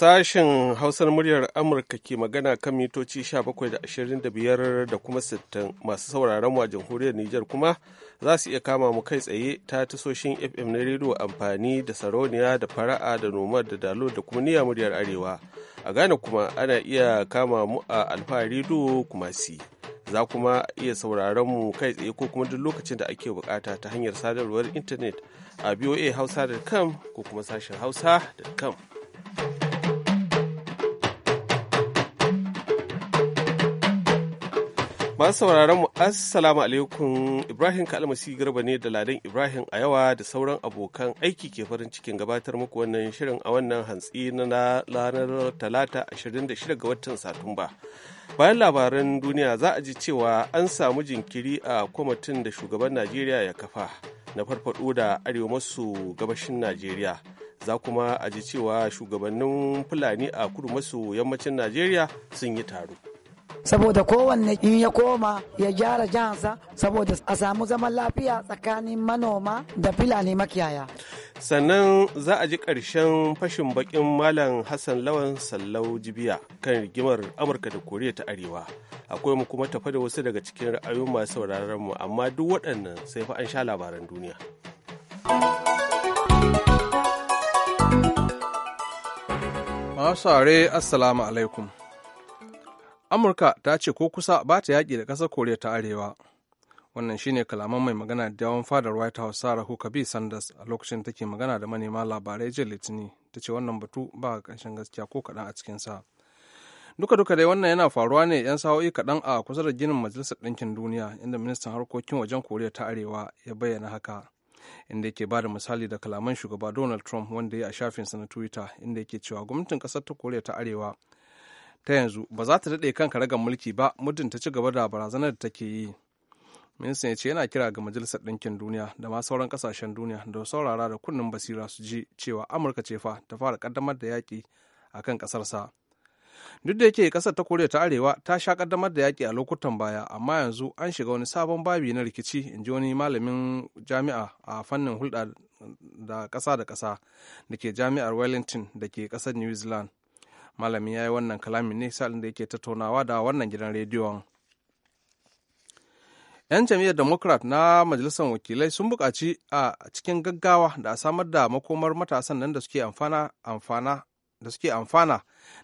Sashen Hausar muryar Amurka ke magana kan mitoci 17.25 da kuma 60 masu sauraron mu a jamhuriyar Nijar kuma za su iya kama mu kai tsaye ta tasoshin FM na rediyo amfani da sarauniya da fara'a da noma da dalo da kuma niyyar muryar Arewa. A gane kuma ana iya kama mu a Alfa rediyo kuma si. Za kuma iya sauraron mu kai tsaye ko kuma duk lokacin da ake bukata ta hanyar sadarwar intanet a voahausa.com ko kuma sashen hausa.com. Masu sauraron mu assalamu alaikum Ibrahim Kalmasi Garba ne da Ladan Ibrahim a yawa da sauran abokan aiki ke farin cikin gabatar muku wannan shirin a wannan hantsi na ranar Talata 26 ga watan Satumba. Bayan labaran duniya za a ji cewa an samu jinkiri a kwamitin da shugaban Najeriya ya kafa na farfado da arewa maso gabashin Najeriya. Za kuma a ji cewa shugabannin Fulani a kudu maso yammacin Najeriya sun yi taro. saboda kowanne in ya koma ya gyara jihansa saboda a samu zaman lafiya tsakanin manoma da filani makiyaya sannan za a ji ƙarshen fashin bakin malam hassan lawan sallau jibiya kan rigimar amurka da koriya ta arewa akwai mu kuma tafa da wasu daga cikin ra'ayoyin masu sauraron mu amma duk waɗannan sai fa an sha labaran duniya masu assalamu alaikum amurka ta ce ko kusa ba ta yaƙi da ƙasar koriya ta arewa wannan shine kalaman mai magana da yawon fadar white house sarah huckabee sanders a lokacin take magana da manema labarai jiya litini ta ce wannan batu ba ƙarshen gaskiya ko kaɗan a sa duka-duka dai wannan yana faruwa ne 'yan sa'o'i kaɗan a kusa da ginin majalisar ɗinkin duniya inda ministan harkokin wajen koriya ta arewa ya bayyana haka inda yake bada misali da kalaman shugaba donald trump wanda ya a shafinsa na twitter inda yake cewa gwamnatin ƙasar ta koriya ta arewa ta yanzu ba za ta daɗe kan karagar mulki ba muddin ta ci gaba da barazanar da take yi ministan ya ce yana kira ga majalisar ɗinkin duniya da ma sauran ƙasashen duniya da saurara da kunnen basira su ji cewa amurka ce fa ta fara ƙaddamar da yaƙi a kan ƙasarsa duk da yake ƙasar ta koriya ta arewa ta sha ƙaddamar da yaƙi a lokutan baya amma yanzu an shiga wani sabon babi na rikici in ji wani malamin jami'a a fannin hulɗa da ƙasa da ƙasa da ke jami'ar wellington da ke ƙasar new zealand malamin ya yi wannan kalamin ne sa'ilin da yake tattaunawa da wannan gidan rediyon 'yan jam'iyyar democrat na majalisar wakilai sun buƙaci a cikin gaggawa da a samar da makomar matasan nan da suke amfana da suke amfana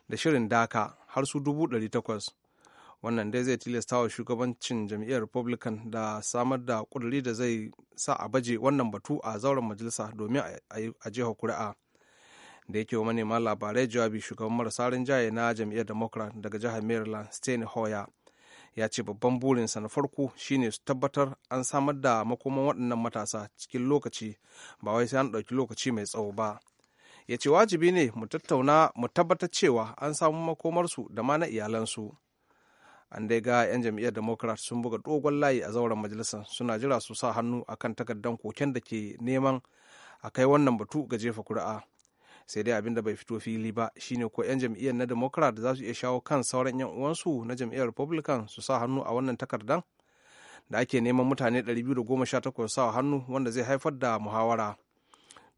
da shirin daka har su dubu ɗari takwas wannan dai zai tilasta wa shugabancin jam'iyyar republican da samar da ƙudurri da zai sa a baje wannan batu a zauren majalisa domin a jihar kuri'a da yake wa manema labarai jawabi shugaban marasa rinjaye na jam'iyyar democrat daga jihar maryland steny hoyer ya ce babban burinsa na farko shine su tabbatar an samar da makoman waɗannan matasa cikin lokaci ba wai sai an ɗauki lokaci mai tsawo ba ya ce wajibi ne mu tattauna mu tabbatar cewa an samu makomarsu da ma na iyalansu an dai ga 'yan jam'iyyar democrat sun buga dogon layi a zauren majalisar suna jira su sa hannu akan takardan koken da ke neman a kai wannan batu ga jefa kuri'a sai dai abin da bai fito fili ba shine ko 'yan jam'iyyar na democrat za su iya shawo kan sauran 'yan uwansu na jam'iyyar republican su sa hannu a wannan takardan da ake neman mutane 218 sa hannu wanda zai haifar da muhawara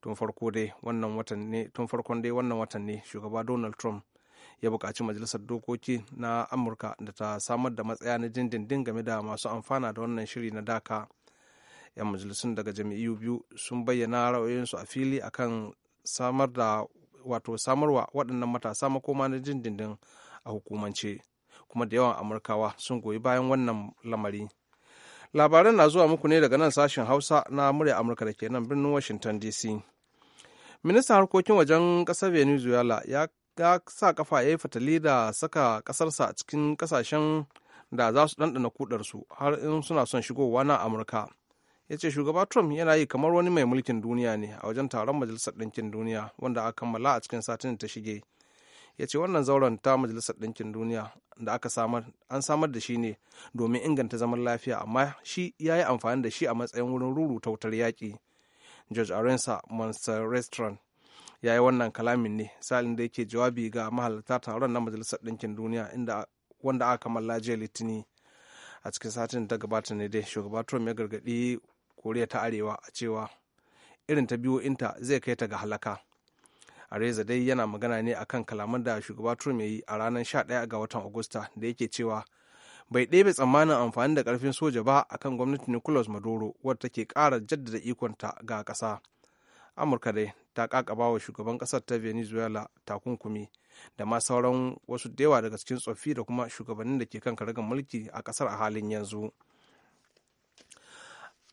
tun farko dai wannan watan ne farkon dai wannan watan ne shugaba donald trump ya buƙaci majalisar dokoki na amurka da ta samar da matsaya na dindindin game da masu amfana da wannan shiri na daka yan majalisun daga jami'u biyu sun bayyana ra'ayoyinsu a fili akan samar da wato samarwa waɗannan matasa makoma na jin dindin a hukumance kuma da yawan amurkawa sun goyi bayan wannan lamari labaran na zuwa muku ne daga nan sashen hausa na murya amurka da ke nan birnin washington dc ministan harkokin wajen ƙasar venezuela ya sa kafa ya yi fatali da saka kasarsa cikin ƙasashen da za su ɗanɗana kudarsu har in suna son shigowa na amurka ya ce shugaba trump yana yi kamar wani mai mulkin duniya ne a wajen taron majalisar ɗinkin duniya wanda aka kammala a cikin satin ta shige ya ce wannan zauren ta majalisar ɗinkin duniya da aka samar an samar da shi ne domin inganta zaman lafiya amma shi ya yi amfani da shi a matsayin wurin ruru ta wutar yaƙi george arensa monster restaurant ya yi wannan kalamin ne salin da yake jawabi ga mahalarta taron na majalisar ɗinkin duniya inda wanda aka kammala jiya litini a cikin satin da gabata ne dai shugaba trump ya gargaɗi koriya ta arewa a cewa irin ta inta zai kai ta ga halaka areza dai yana magana ne akan kalaman da shugaba trump ya yi a ranar 11 ga watan agusta da yake cewa bai ɗebe tsammanin amfani da ƙarfin soja ba akan gwamnati nicolas maduro wadda take ƙara jaddada ikonta ga ƙasa amurka dai ta ƙaƙaba wa shugaban ƙasar ta venezuela takunkumi da ma sauran wasu da yawa daga cikin tsoffi da kuma shugabannin da ke kan karagar mulki a ƙasar a halin yanzu.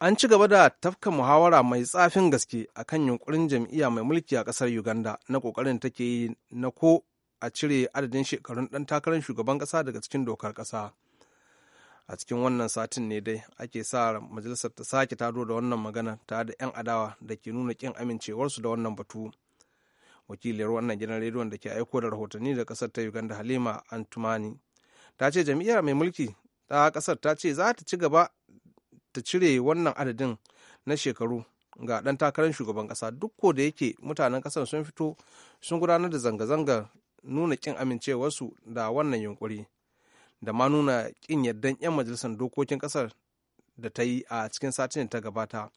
an ci gaba da tafka muhawara mai tsafin gaske a kan yunkurin jam'iyya mai mulki a ƙasar uganda na ƙoƙarin take yi na ko a cire adadin shekarun ɗan takarar shugaban ƙasa daga cikin dokar ƙasa a cikin wannan satin ne dai ake sa majalisar ta sake taro da wannan magana ta da 'yan adawa da ke nuna kin amincewarsu da wannan batu wakiliyar wannan gidan rediyon da ke aiko da rahotanni da ƙasar ta uganda halima antumani ta ce jam'iyyar mai mulki ta ƙasar ta ce za ta ci gaba ta cire wannan adadin na shekaru ga ɗan takarar shugaban ƙasa duk ko da yake mutanen ƙasar sun fito sun gudanar da zanga-zangar nuna ƙin amincewarsu da wannan yunkuri da ma nuna ƙin yardan 'yan majalisar dokokin ƙasar da ta yi a cikin satin ta gabata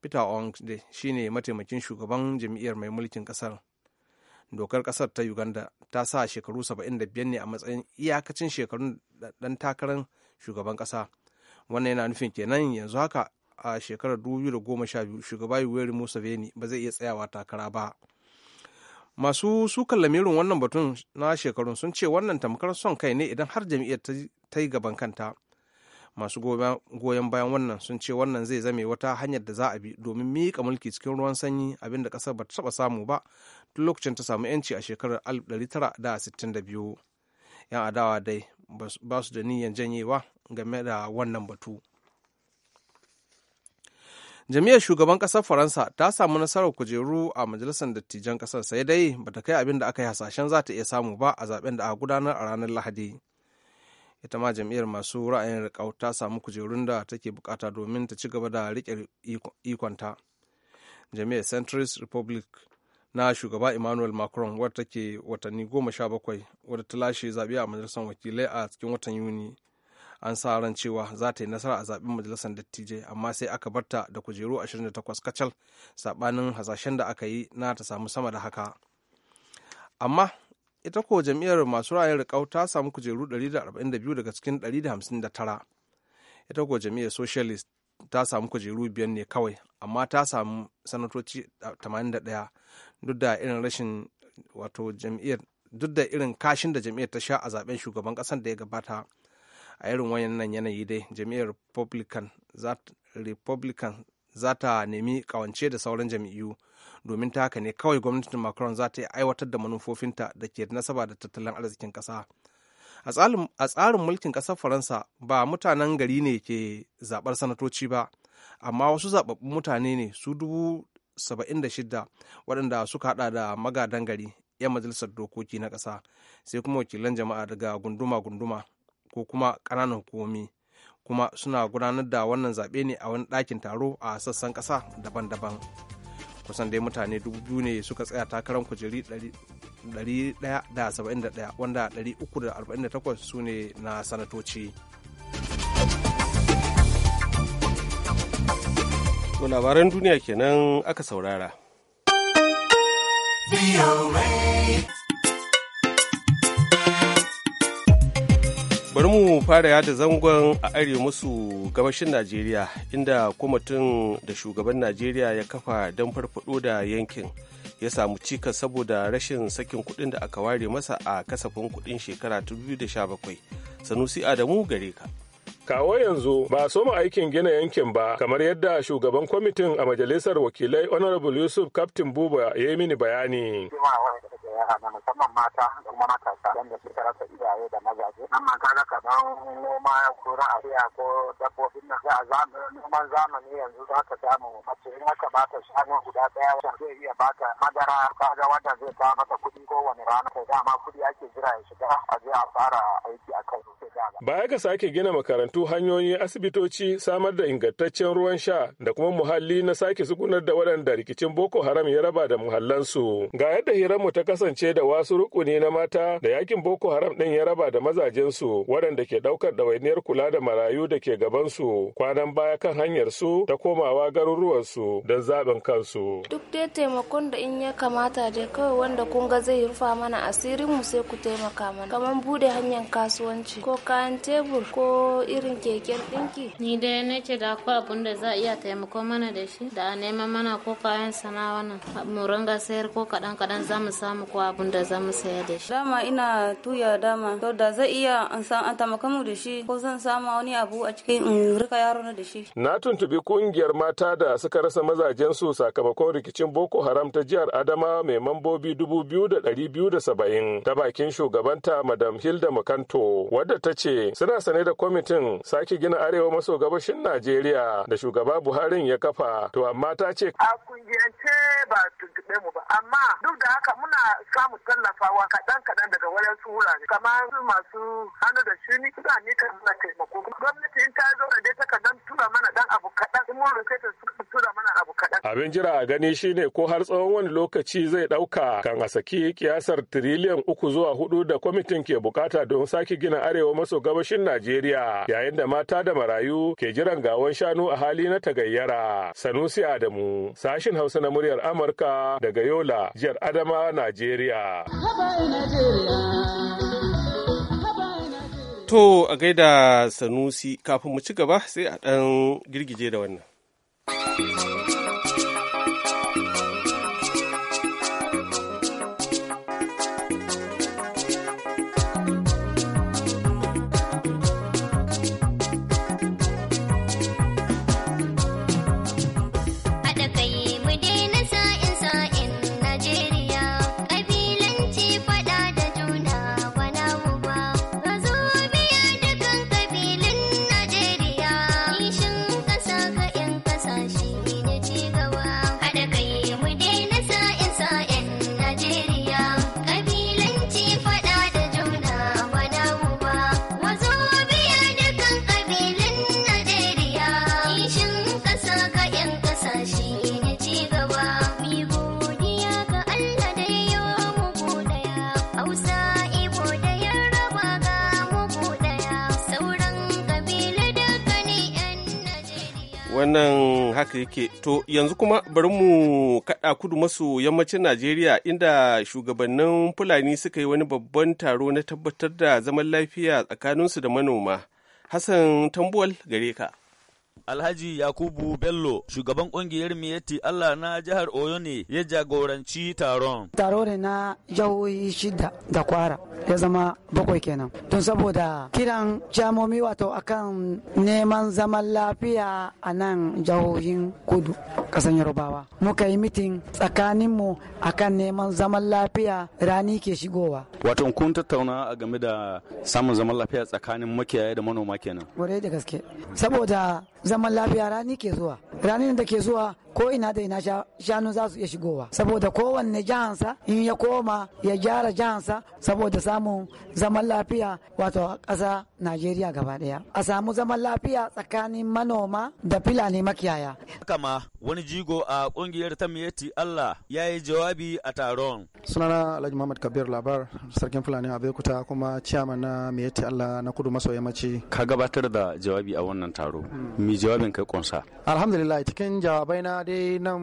peter ong ne mataimakin shugaban jam'iyyar mai mulkin ƙasar dokar ƙasar ta uganda ta sa shekaru 75 ne a matsayin iyakacin shekarun ɗan takarar shugaban ƙasa wannan yana nufin kenan yanzu haka a shekarar 2012 shugaba musa museveni ba zai iya tsayawa takara ba masu sukan lamirin wannan batun na shekarun sun ce wannan tamkar son kai ne idan har jam'iyyar ta yi gaban kanta masu goyon bayan wannan sun ce wannan zai zame wata hanyar da za a bi domin miƙa mulki cikin ruwan sanyi abinda ƙasar ba ta taɓa samu ba tun lokacin ta samu 'yanci a shekarar 1962 'yan adawa dai ba su da niyyar janyewa game da wannan batu jami'ar shugaban ƙasar faransa ta samu nasarar kujeru a majalisar dattijan kasar sai dai ba ta kai abin da aka yi hasashen za ta iya samu ba a zaben da aka gudanar a ranar lahadi ita ma jami'ar masu ra'ayin riƙau ta samu kujerun da take bukata domin ta ci gaba da rike ikonta jami'ar centrist republic na shugaba emmanuel macron wadda take watanni goma sha bakwai wadda ta lashe zaɓe a majalisar wakilai a cikin watan yuni an sa ran cewa za ta yi nasara a zaben majalisar dattijai amma sai aka barta da kujeru 28 kacal sabanin hasashen da aka yi na ta samu sama da haka amma ita ko jam'iyyar masu ra'ayin riƙau ta samu kujeru 142 daga cikin 159 ita ko jam'iyyar socialist ta samu kujeru biyar ne kawai amma ta samu sanatoci 81 duk da irin rashin wato jam'iyyar duk da irin kashin da jam'iyyar ta sha a zaben shugaban ƙasar da ya gabata a irin wayannan yanayi dai jam'iyyar republican republican za ta nemi kawance da sauran jam'iyyu domin ta haka ne kawai gwamnatin macron za ta yi aiwatar da manufofinta da ke nasaba da tattalin arzikin kasa a tsarin mulkin ƙasar faransa ba mutanen gari ne ke zaɓar sanatoci ba amma wasu zaɓaɓɓun mutane ne su dubu saba'in da shida waɗanda suka haɗa da magadan gari 'yan majalisar dokoki na ƙasa sai kuma wakilan jama'a daga gunduma-gunduma ko kuma ƙananan hukumomi kuma suna gudanar da wannan zaɓe ne a wani ɗakin taro a sassan ƙasa daban-daban kusan dai mutane dubu biyu ne suka tsaya takarar kujeri 171 wanda 348 su ne na sanatoci labaran duniya kenan aka saurara. bari mu fara yada zangon a arewa musu gabashin najeriya inda kwamitin da shugaban najeriya ya kafa don farfado da yankin ya samu cika saboda rashin sakin kuɗin da aka ware masa a kasafin kuɗin shekara 2017 sanusi adamu gare ka kawo yanzu ba a soma aikin gina yankin ba kamar yadda shugaban kwamitin a majalisar wakilai honorable yusuf captain buba ya yi mini bayani musamman mata da kuma matasa wanda suka rasa iyaye da mazaje amma kaga kaman noma ko ra'ayi ko dabbobin nan a zamanin noman zamani yanzu za ka samu mace in aka bata shanu guda daya wanda zai iya bata madara kaga wanda zai kawo mata kuɗi kowane rana kai dama kuɗi ake jira ya shiga a je a fara aiki a kai Baya ga sake gina makarantu hanyoyi asibitoci samar da ingantaccen ruwan sha da kuma muhalli na sake sukunar da waɗanda rikicin Boko Haram ya raba da muhallansu. Ga yadda mu ta kasance da wasu rukuni na mata da yakin Boko Haram ɗin ya raba da mazajensu waɗanda ke ɗaukar ɗawainiyar kula da marayu da ke gabansu kwanan baya kan hanyar su ta komawa garuruwansu don zaɓin kansu. Duk dai taimakon da in ya kamata dai kawai wanda kunga ga zai rufa mana asirin mu sai ku taimaka mana. Kamar bude hanyar kasuwanci ko kayan tebur ko irin keken ɗinki. Ni dai na ce da akwai abun da za a iya taimako mana da shi da a neman mana ko kayan sana'a mu ringa sayar ko kaɗan kaɗan za mu samu ko abun da za mu saya da shi. Dama ina tuya dama to da zai iya an san taimaka mu da shi ko zan samu wani abu a cikin in rika yaro na da shi. Na tuntuɓi kungiyar mata da suka rasa mazajen su sakamakon rikicin Boko Haram ta jihar Adama mai mambobi dubu biyu da ɗari biyu da saba'in ta bakin shugabanta Madam Hilda Makanto wadda ta ce ce suna sane da kwamitin sake gina arewa maso gabashin Najeriya da shugaba Buharin ya kafa to amma ta ce a kungiyance ba tuntube mu ba amma duk da haka muna samun tallafawa kaɗan kaɗan daga wajen su wurare kamar su masu hannu da shuni suna ka muna taimako gwamnati in ta zo da dai takardar tura mana dan abu kaɗan in mun rufe ta tura mana abu kaɗan. Abin jira a gani shine ko har tsawon wani lokaci zai ɗauka kan a saki kiyasar tiriliyan uku zuwa hudu da kwamitin ke bukata don sake gina arewa maso gabashin Najeriya yayin da mata da marayu ke jiran gawan shanu a hali na tagayyara. Sanusi Adamu, sashin Hausa na muryar Amurka daga Yola, jihar Adama, Najeriya. To a gaida Sanusi kafin mu ci gaba sai a ɗan girgije da wannan. haka yake to yanzu kuma bari mu kaɗa kudu maso yammacin najeriya inda shugabannin fulani suka yi wani babban taro na tabbatar da zaman lafiya tsakaninsu da manoma hassan tambuwal gare ka Alhaji Yakubu Bello, shugaban kungiyar Miyetti Allah na jihar Oyo ne ya jagoranci taron. Taro ne na jahohi shida da kwara ya zama bakwai kenan. Don saboda kiran jamomi wato akan neman zaman lafiya a nan jahohin kudu kasan Yarubawa. Muka yi mitin tsakaninmu akan neman zaman lafiya rani ke shigowa. Wato kun tattauna a game da samun zaman lafiya tsakanin makiyaya da manoma kenan. Gure da gaske. Saboda zaman lafiya rani ke zuwa. Ranin da ke zuwa ko ina da ina shanu za su iya shigowa saboda kowanne jihansa in ya koma ya gyara jihansa saboda samun zaman lafiya wato ƙasa najeriya gaba daya a samu zaman lafiya tsakanin manoma da filani makiyaya kama wani jigo a kungiyar tamiyeti allah ya yi jawabi a taron sunana alhaji muhammad kabir labar sarkin fulani a bekuta kuma ciyaman na miyeti allah na kudu maso yammaci ka gabatar da jawabi a wannan taro mi hmm. jawabin kai kunsa alhamdulillah cikin jawabai na dai nan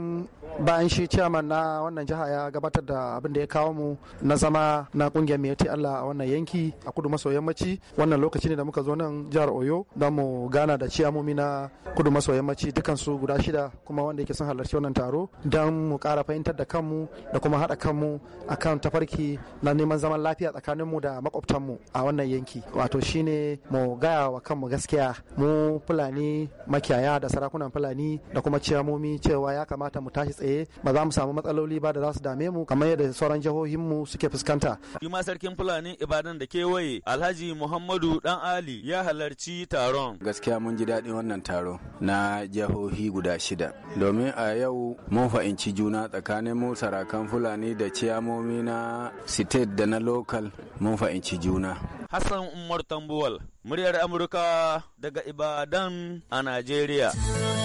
bayan shi ciyaman na wannan jiha ya gabatar da abin da ya kawo mu na zama na kungiyar mai Allah a wannan yanki a kudu maso yammaci wannan lokaci ne da muka zo nan jihar Oyo don mu gana da ciyamomi na kudu maso yammaci dukan su guda shida kuma wanda yake son halarci wannan taro don mu kara fahimtar da kanmu da kuma haɗa kanmu akan tafarki na neman zaman lafiya tsakaninmu da makwabtan mu a wannan yanki wato shine mu gaya wa kanmu gaskiya mu fulani makiyaya da sarakunan fulani da kuma ciyamomi cewa ya kamata mu tashi tsaye ba za mu samu matsaloli ba da za su dame mu kamar yadda sauran jihohin mu suke fuskanta. Shi sarkin Fulani Ibadan da kewaye Alhaji Muhammadu Dan Ali ya halarci taron. Gaskiya mun ji daɗin wannan taro na jihohi guda shida. Domin a yau mun fahimci juna tsakanin mu sarakan Fulani da ciyamomi na state da na local mun fahimci juna. Hassan Umar Tambuwal, muryar Amurka daga Ibadan a Najeriya.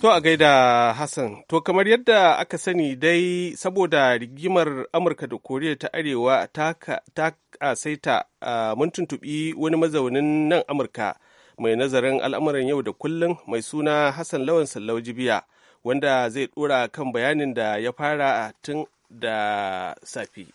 To a gaida Hassan, to kamar yadda aka sani dai saboda rigimar Amurka da Koriya ta Arewa ta kasaita mun tuntuɓi wani mazaunin nan Amurka mai nazarin al'amuran yau da kullum mai suna Hassan Lawan Sallau Jibiya wanda zai ɗora kan bayanin da ya fara tun da safi.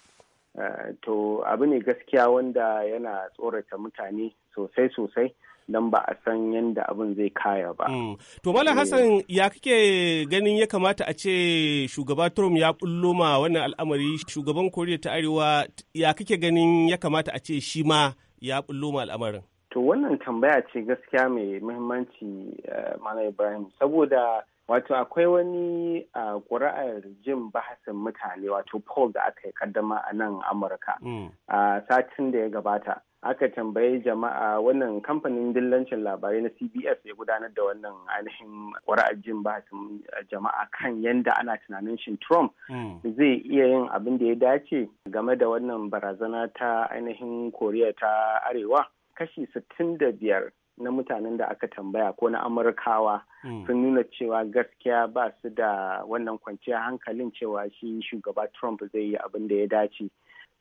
Eh, to abu ne gaskiya wanda yana tsorata mutane sosai-sosai. don ba a san yadda abin zai kaya ba. Hmm. To Malam eh. Hassan ya kake ganin ya kamata a ce shugaba Trump ya kullo ma wannan al'amari shugaban Koriya ta Arewa ya kake ganin ya kamata a ce shi ma ya kullo ma al'amarin? To wannan tambaya ce gaskiya mai muhimmanci eh, Malam Ibrahim saboda wato akwai wani a eh, ƙuri'ar jin bahasin mutane wato poll da aka yi kaddama a nan Amurka a hmm. satin da ya gabata. aka tambayi jama'a wannan kamfanin dillancin labarai na cbs ya gudanar da wannan ainihin ƙwara'ar jin bahasin jama'a kan yadda ana tunanin shi trump hmm. zai iya yin abin da ya dace game da wannan barazana ta ainihin koriya ta arewa kashi 65 na mutanen da aka tambaya ko na amurkawa hmm. sun nuna cewa gaskiya ba su da wannan kwanciyar hankalin cewa shi shugaba trump zai yi abin da ya dace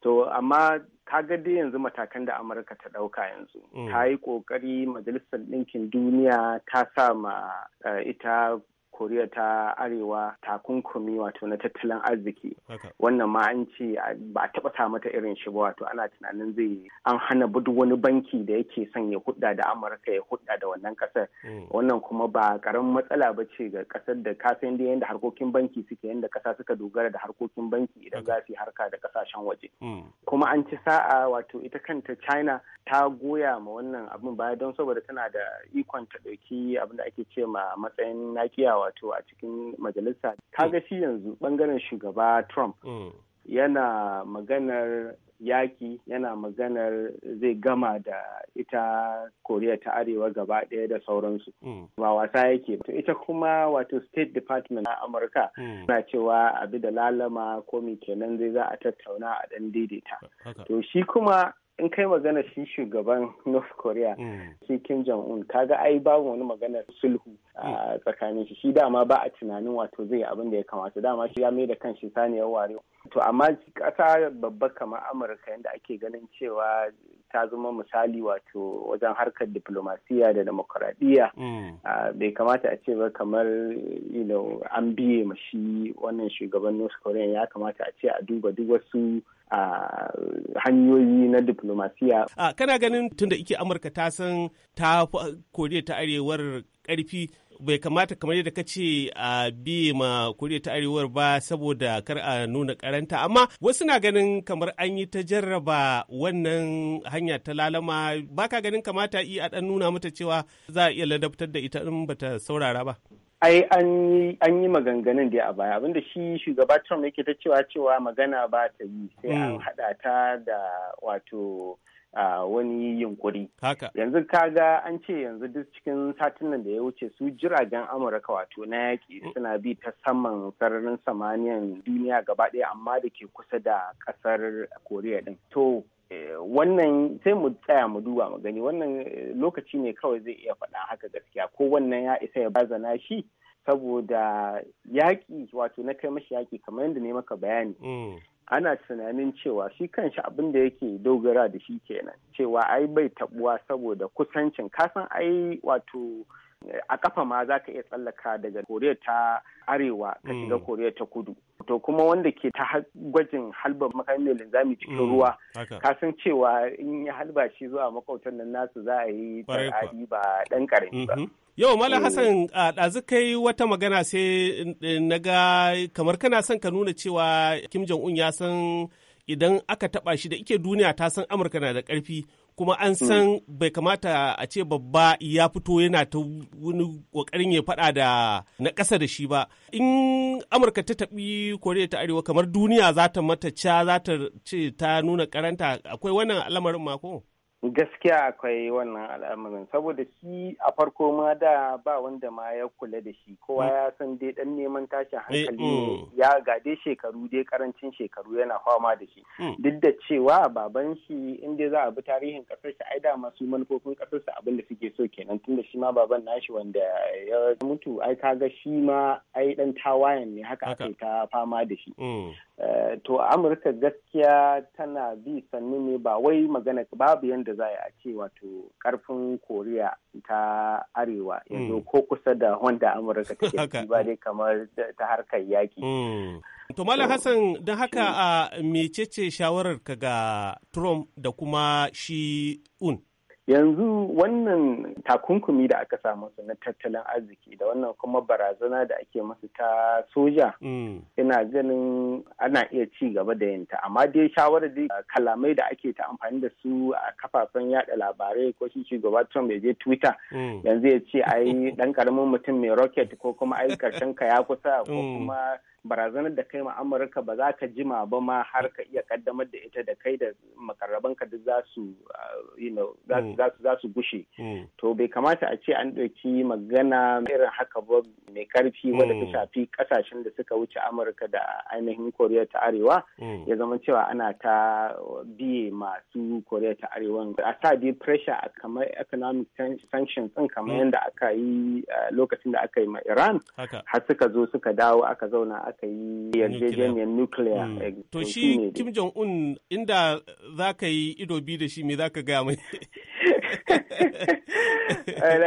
to amma kaga dai yanzu matakan da amurka ta ɗauka yanzu mm. ta yi ƙoƙari majalisar ɗinkin duniya ta sa ma eh, ita koriya ta arewa ta takunkumi wato na tattalin arziki wannan ma an ce ba taba taɓa sa mata irin shi ba wato ana tunanin zai an hana budu wani banki da yake son ya hudda da amurka ya hudda da wannan kasar mm. wannan kuma ba karamin matsala ba ce ga kasar da kasan da yadda harkokin banki suke yadda kasa suka dogara da harkokin banki idan za su harka da kasashen waje mm. kuma an ci sa'a wato ita kanta china ta goya ma wannan abin baya don saboda tana da ikon ta ɗauki abin da ake ce ma matsayin nakiyawa wato a cikin majalisa hmm. ka ga shi yanzu bangaren shugaba trump hmm. yana maganar yaki yana maganar zai gama da ita koriya ta arewa gaba ɗaya da sauransu hmm. ba wasa yake to ita kuma wato state department na amurka na cewa abi da lalama ko kenan zai za a tattauna a ɗan daidaita to shi kuma in kai magana shi shugaban north korea mm. shi kim jong un kaga ai babu wani magana sulhu a mm. tsakanin shi shi dama ba a tunanin wato zai abin da ya kamata dama shi ya mai da kan shi saniyar ware To amma ƙasa babba kamar Amurka yadda ake ganin cewa ta zama misali wato wajen harkar diplomasiya da demokuraɗiyya mm. bai kamata a ce ba kamar an biye mashi wannan shugaban North Korea ya kamata a ce a duba duk wasu hanyoyi na diplomasiya. Kana ganin tunda ike Amurka ta san ta Koriya ta Arewar ƙarfi bai kamata kamar yadda ka ce a bi ma koriya ta arewar ba saboda kar a nuna karanta amma wasu na ganin kamar an yi ta jarraba wannan hanya ta lalama ba ka ganin kamata yi a dan nuna mata cewa za a iya ladabtar da ita in bata saurara ba ai an yi maganganun da a baya abinda shi shugaba Trump yake ta cewa cewa magana ba ta yi sai an mm. hada ta da wato A wani yunkuri. Yanzu kaga an ce yanzu duk cikin satin da ya wuce su jiragen Amurka wato na yaƙi mm. suna bi ta saman sararin samaniyan duniya gaba ɗaya amma da ke kusa da ƙasar Koriya din. To eh, wannan sai mu tsaya mu duba mu gani wannan eh, lokaci ne kawai zai iya faɗa haka gaskiya ko wannan ya isa ya bazana shi saboda yaƙi wato na kai mashi yaƙi kamar yadda ne maka bayani mm. ana tunanin cewa shi kanshi abin da yake dogara da shi kenan cewa ai bai tabuwa saboda kusancin kasan ai wato a kafa ma za ka iya tsallaka daga koriya ta arewa ka hmm. shiga koriya ta kudu to kuma wanda ke ta gwajin halba makamai mai linzami cikin hmm. ruwa ka san cewa in ya halba shi zuwa makwautan nan nasu za a yi taradi ba dan karami ba hmm. yau mala hassan ɗazu kai wata magana sai na ga kamar kana son ka nuna cewa kim jong un ya san idan aka taɓa shi da ike duniya ta san amurka na da ƙarfi kuma an hmm. san bai kamata a ce babba ya fito yana ta wani kokarin ya faɗa da na ƙasa da shi ba in amurka ta tabi koriya ta arewa kamar duniya za ta mata ca za ta ce ta nuna karanta akwai wannan al'amarin mako gaskiya akwai wannan al'amarin saboda shi a farko ma da ba wanda ma ya kula da shi kowa mm. ya san dai dan neman tashin eh, hankali mm. ya gade shekaru dai karancin shekaru yana fama da shi mm. duk da cewa baban shi inda za a bi tarihin kasar shi ai da masu manufofin kasar sa abin da suke so kenan tun da shi ma baban nashi wanda ya mutu ai kaga shi ma ai dan tawayen ne haka ake ta fama da shi eh, to amurka gaskiya tana bi sannu ne ba wai magana babu yanda yadda za a ce wato karfin koriya ta arewa yanzu hmm. ko kusa da wanda amurka take ba dai kamar ta harkar yaki hmm. to malam hassan don haka hmm. a mecece shawarar ka ga trump da kuma shi un yanzu wannan takunkumi da aka samu su na tattalin arziki da wannan kuma barazana da ake masu ta soja mm. ina ganin ana iya ci gaba da yinta amma dai shawarar dai uh, kalamai da ake ta amfani da su a kafafen yada labarai ko shi shi gaba trump ya je twitter mm. yanzu ya ce ai dan karamin mutum mai rocket ko kuma ai karshen ka ya kusa ko mm. kuma barazanar da kai ma amurka ba za ka jima ba ma har ka iya kaddamar da ita da kai da makarrabanka duk za su gushe to bai kamata a ce an ɗauki magana irin haka ba mai karfi wadda ta mm. shafi kasashen da suka wuce amurka da ainihin koriya ta arewa mm. ya zama cewa ana ta biye masu koriya ta arewa a sa bi pressure a kamar economic sanctions in kamar mm. yadda aka yi uh, lokacin da aka yi ma iran har suka zo suka dawo aka zauna aka yi yarjejeniyar nuclear. Hmm. Eh, to shi Kim Jong-un inda za ka yi ido bi da shi me za ka gaya mai? Eh, na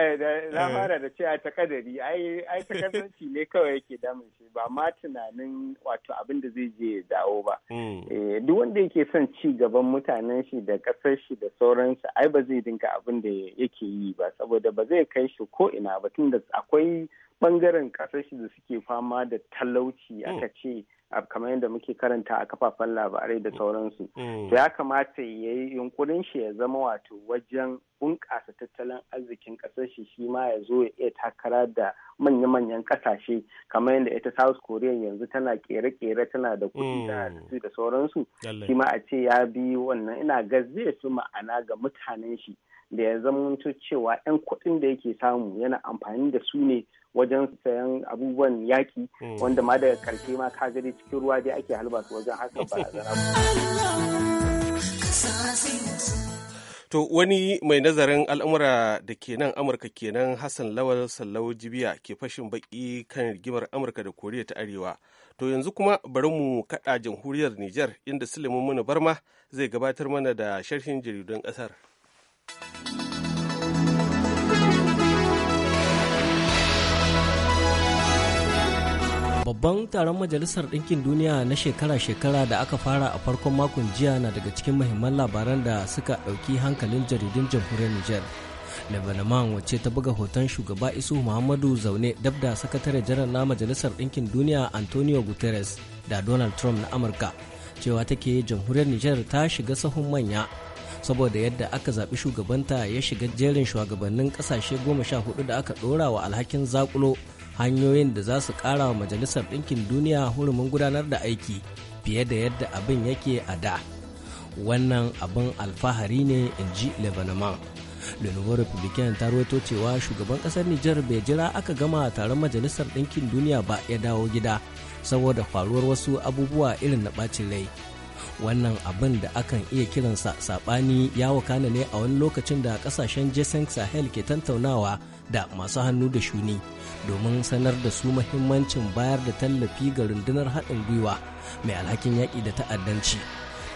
eh. fara da cewa ta kadari, ai ta ne kawai yake damun shi ba ma tunanin wato abin da zai je ya dawo ba. Hmm. Duk wanda yake son ci gaban mutanen shi da kasar shi da sauransu ai ba zai dinka abin da yake yi ba saboda ba zai kai shi ko ina ba tun da akwai bangaren kasashe da suke fama da talauci mm. aka ce kamar yadda muke karanta a kafafen labarai da mm. sauransu mm. to ya kamata ya yi yunkurin shi ya zama wato wajen bunƙasa tattalin arzikin ƙasar shi shi ma ya zo ya iya takara da manya-manyan ƙasashe kamar yadda ita south korea yanzu tana kere-kere tana da kuɗi da da sauransu shi ma a ce ya bi wannan ina ga zai ma'ana ga mutanen shi da ya zama cewa 'yan kuɗin da yake samu yana amfani da su ne wajen sayan abubuwan yaki hmm. wanda ma daga karshe ma ka gari cikin ruwa dai ake halba wajen haka barazana. To wani mai nazarin al'amura da ke nan Amurka kenan Hassan Lawal Sallau Jibiya ke fashin baki kan rigimar Amurka da Koriya ta Arewa. To yanzu kuma bari mu kaɗa jamhuriyar Nijar inda Suleiman Muni Barma zai gabatar mana da sharhin jaridun ƙasar. Babban taron Majalisar Ɗinkin Duniya na shekara-shekara da aka fara a farkon makon jiya na daga cikin muhimman labaran da suka ɗauki hankalin jaridun jamhuriyar Nijar. Lebanon wacce ta buga hoton shugaba Isu Muhammadu zaune dab da sakatare jiran na Majalisar Ɗinkin Duniya Antonio Guterres da Donald Trump na Amurka cewa take jamhuriyar Nijar ta shiga sahun manya saboda yadda aka zaɓi shugabanta ya shiga jerin shugabannin ƙasashe goma sha hudu da aka ɗora wa alhakin zakulo hanyoyin da za su kara wa majalisar ɗinkin duniya hurumin gudanar da aiki fiye da yadda abin yake a da wannan abin alfahari ne in ji lebanon le nouveau ta ruwaito cewa shugaban kasar nijar bai jira aka gama taron majalisar ɗinkin duniya ba ya dawo gida saboda faruwar wasu abubuwa irin na ɓacin rai wannan abin da akan iya kiransa saɓani ya wakana ne a wani lokacin da ƙasashen jason sahel ke tantaunawa da masu hannu da shuni domin sanar da su mahimmancin bayar da tallafi ga rundunar haɗin gwiwa mai alhakin yaƙi da ta'addanci.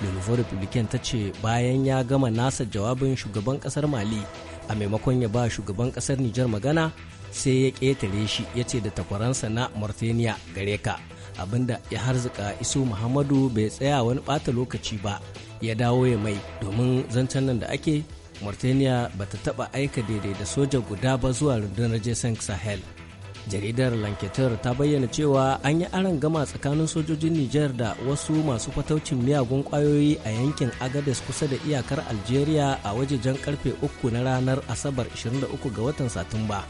Lenovo Republican ta ce bayan ya gama nasa jawabin shugaban ƙasar Mali a maimakon ya ba shugaban ƙasar Nijar magana sai ya ƙetare shi ya ce da takwaransa na Mauritania gare ka abinda ya harzika iso Muhammadu bai tsaya wani ɓata lokaci ba ya dawo ya mai domin zancen nan da ake mauritania ba ta taɓa aika daidai da soja guda ba zuwa rundunar jason sahel jaridar lanketer ta bayyana cewa an yi aron gama tsakanin sojojin nijar da wasu masu fataucin miyagun kwayoyi a yankin agades kusa da iyakar algeria a wajejen karfe 3 na ranar asabar 23 ga watan satumba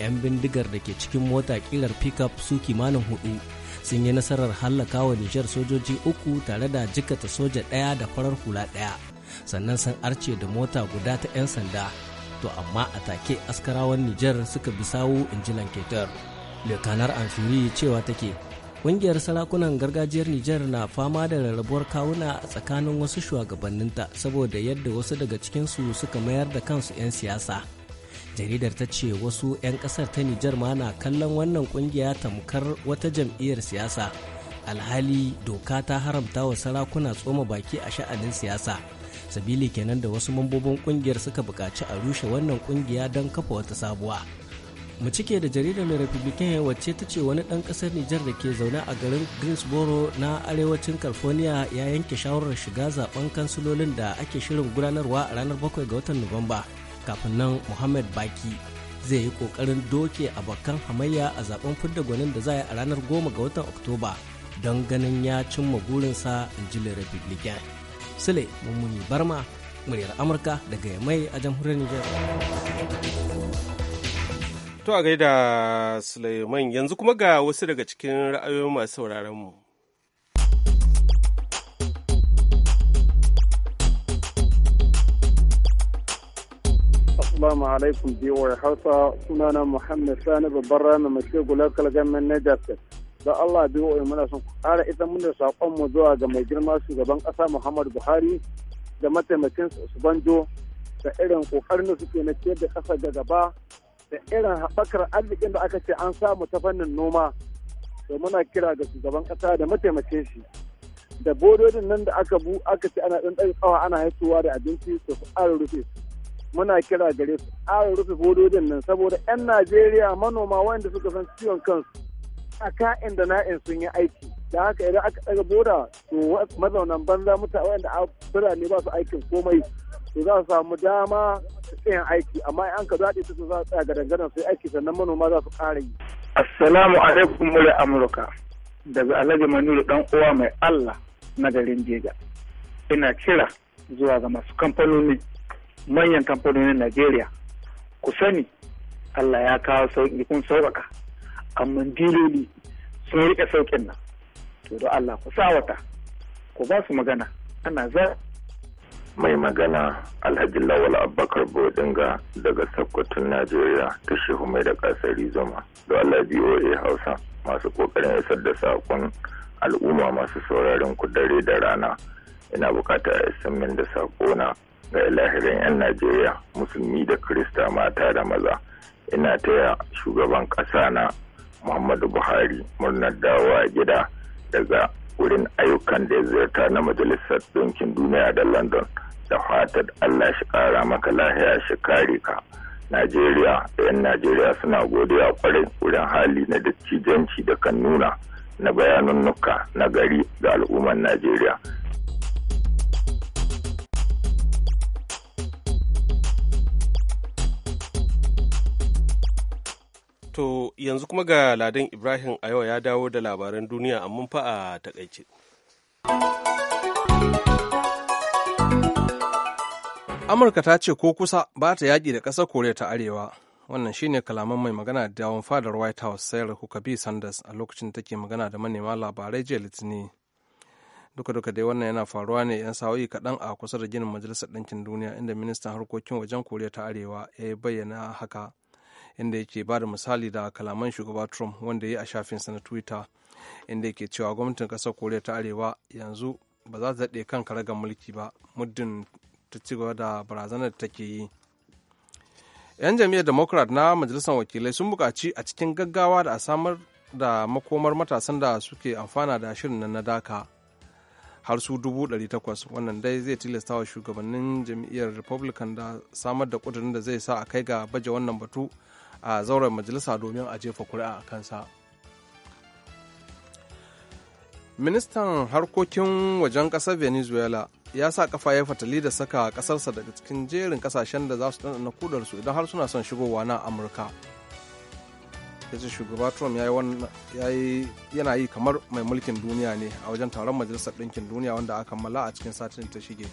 'yan bindigar da ke cikin mota kilar pickup su kimanin hudu sun yi nasarar hallaka wa nijar sojoji uku tare da jikata soja ɗaya da farar hula ɗaya sannan sun arce da mota guda ta 'yan sanda to amma a take askarawan Nijar suka bi sawu injilan ketar. Lekanar Amfiri cewa take Ƙungiyar sarakunan gargajiyar Nijar na fama da rarrabuwar kawuna a tsakanin wasu shugabanninta saboda yadda wasu daga cikinsu suka mayar da kansu 'yan siyasa. Jaridar ta ce wasu 'yan ƙasar ta Nijar ma na kallon wannan ƙungiya tamkar wata jam'iyyar siyasa. Alhali doka ta haramta wa sarakuna tsoma baki a sha'anin siyasa. sabili kenan da wasu mambobin kungiyar suka bukaci a rushe wannan kungiya don kafa wata sabuwa mu cike da jaridar mai republican wacce ta ce wani dan ƙasar nijar da ke zaune a garin greensboro na arewacin california ya yanke shawarar shiga zaben kansilolin da ake shirin gudanarwa a ranar 7 ga watan nuwamba kafin nan muhammad baki zai yi kokarin doke a bakan hamayya a zaben fidda gwanin da za yi a ranar 10 ga watan oktoba don ganin ya cimma burinsa in ji republican Sule Mummuni Barma, muryar Amurka daga Yamai a jamhuriyar Nijar. To a gaida Suleiman yanzu kuma ga wasu daga cikin ra'ayoyin masu sauraron mu. Assalamu alaikum biyowar Hausa sunana Muhammad Sani babban rami mace gula kalgan na don Allah biyo wa muna son ƙara ita muna saƙon mu zuwa ga mai girma shugaban ƙasa Muhammadu Buhari da mataimakin su banjo da irin ƙoƙarin da suke na ciyar da ƙasa ga gaba da irin haɓakar arzikin da aka ce an samu ta fannin noma da muna kira ga shugaban ƙasa da mataimakin shi da bododin nan da aka bu aka ce ana ɗan ɗari tsawa ana haihuwa da abinci su ƙara rufe muna kira gare su ƙara rufe bododin nan saboda 'yan Najeriya manoma wanda suka san ciwon kansu a ka'in da na'in sun yi aiki da haka idan aka ɗaga boda to mazaunan banza mutane wanda a birane ba su aikin komai to za su samu dama su tsayin aiki amma in an ka zaɗe su za su tsaya ga dangana su yi aiki sannan manoma za su ƙara yi. assalamu alaikum murya amurka daga alhaji manuru dan uwa mai allah na garin jega ina kira zuwa ga masu kamfanoni manyan kamfanonin najeriya ku sani allah ya kawo sauƙi kun sauƙaƙa amma diloli sun riƙe saukin nan to don Allah ku wata ku ba su magana ana za mai magana alhaji lawal abubakar bodinga daga sakkwatun najeriya ta shehu mai da kasari zoma da allah boa hausa masu kokarin isar da sakon al'umma masu sauraron kudare da rana ina bukata a isan min da sakona ga ilahirin 'yan najeriya musulmi da krista mata da maza ina taya shugaban ƙasa na muhammadu buhari murnar dawowa gida daga wurin ayyukan da ya ziyarta na majalisar ɗinkin duniya da london da fatar allah shi kara maka lahiya shi kare ka najeriya da 'yan najeriya suna godiya kwarai wurin hali na dattijanci da kan nuna na nuka na gari ga al'ummar najeriya To yanzu kuma ga Ladan Ibrahim a yau ya dawo da labaran duniya amma fa ta takaice. Amurka ta ce ko kusa ba ta yaƙi da ƙasar Koriya ta Arewa. Wannan shine kalaman mai magana da yawon fadar White House kuka bi Sanders a lokacin da take magana da manema labarai jiya litini. duka-duka dai wannan yana faruwa ne 'yan sa'o'i kaɗan a kusa da ginin majalisar ɗinkin duniya inda ministan harkokin wajen koriya ta arewa ya bayyana haka inda yake ba da misali da kalaman shugaba trump wanda ya yi a shafinsa na twitter inda yake cewa gwamnatin ƙasar koriya ta arewa yanzu ba za ta daɗe kan karagar mulki ba muddin ta ci gaba da barazanar da take yi 'yan jam'iyyar democrat na majalisar wakilai sun buƙaci a cikin gaggawa da a samar da makomar matasan da suke amfana da shirin nan na daka har su dubu ɗari takwas wannan dai zai tilasta wa shugabannin jam'iyyar republican da samar da ƙudurin da zai sa a kai ga baje wannan batu a zauren majalisa domin a jefa kuri'a a kansa ministan harkokin wajen ƙasar venezuela ya sa kafa ya fatali da saka kasarsa daga cikin jerin kasashen da za su ɗanɗana kudarsu idan har suna son shigowa na amurka ya ce shugaba trump yana yi kamar mai mulkin duniya ne a wajen taron majalisar ɗinkin duniya wanda aka mala a cikin satin ta shige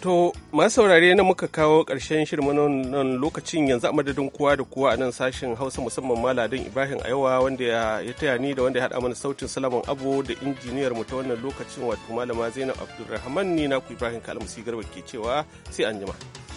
To, masu saurare na muka kawo ƙarshen shirin nan lokacin yanzu a madadin kowa da kowa a nan sashen Hausa musamman Maladin Ibrahim Ayawa wanda ya taya ni da wanda ya haɗa mana sautin Salaman Abu da injiniyar mu ta wannan lokacin wato Malama Zainab Abdulrahman ne na ku Ibrahim Kalamusi Garba ke cewa sai anjima. jima.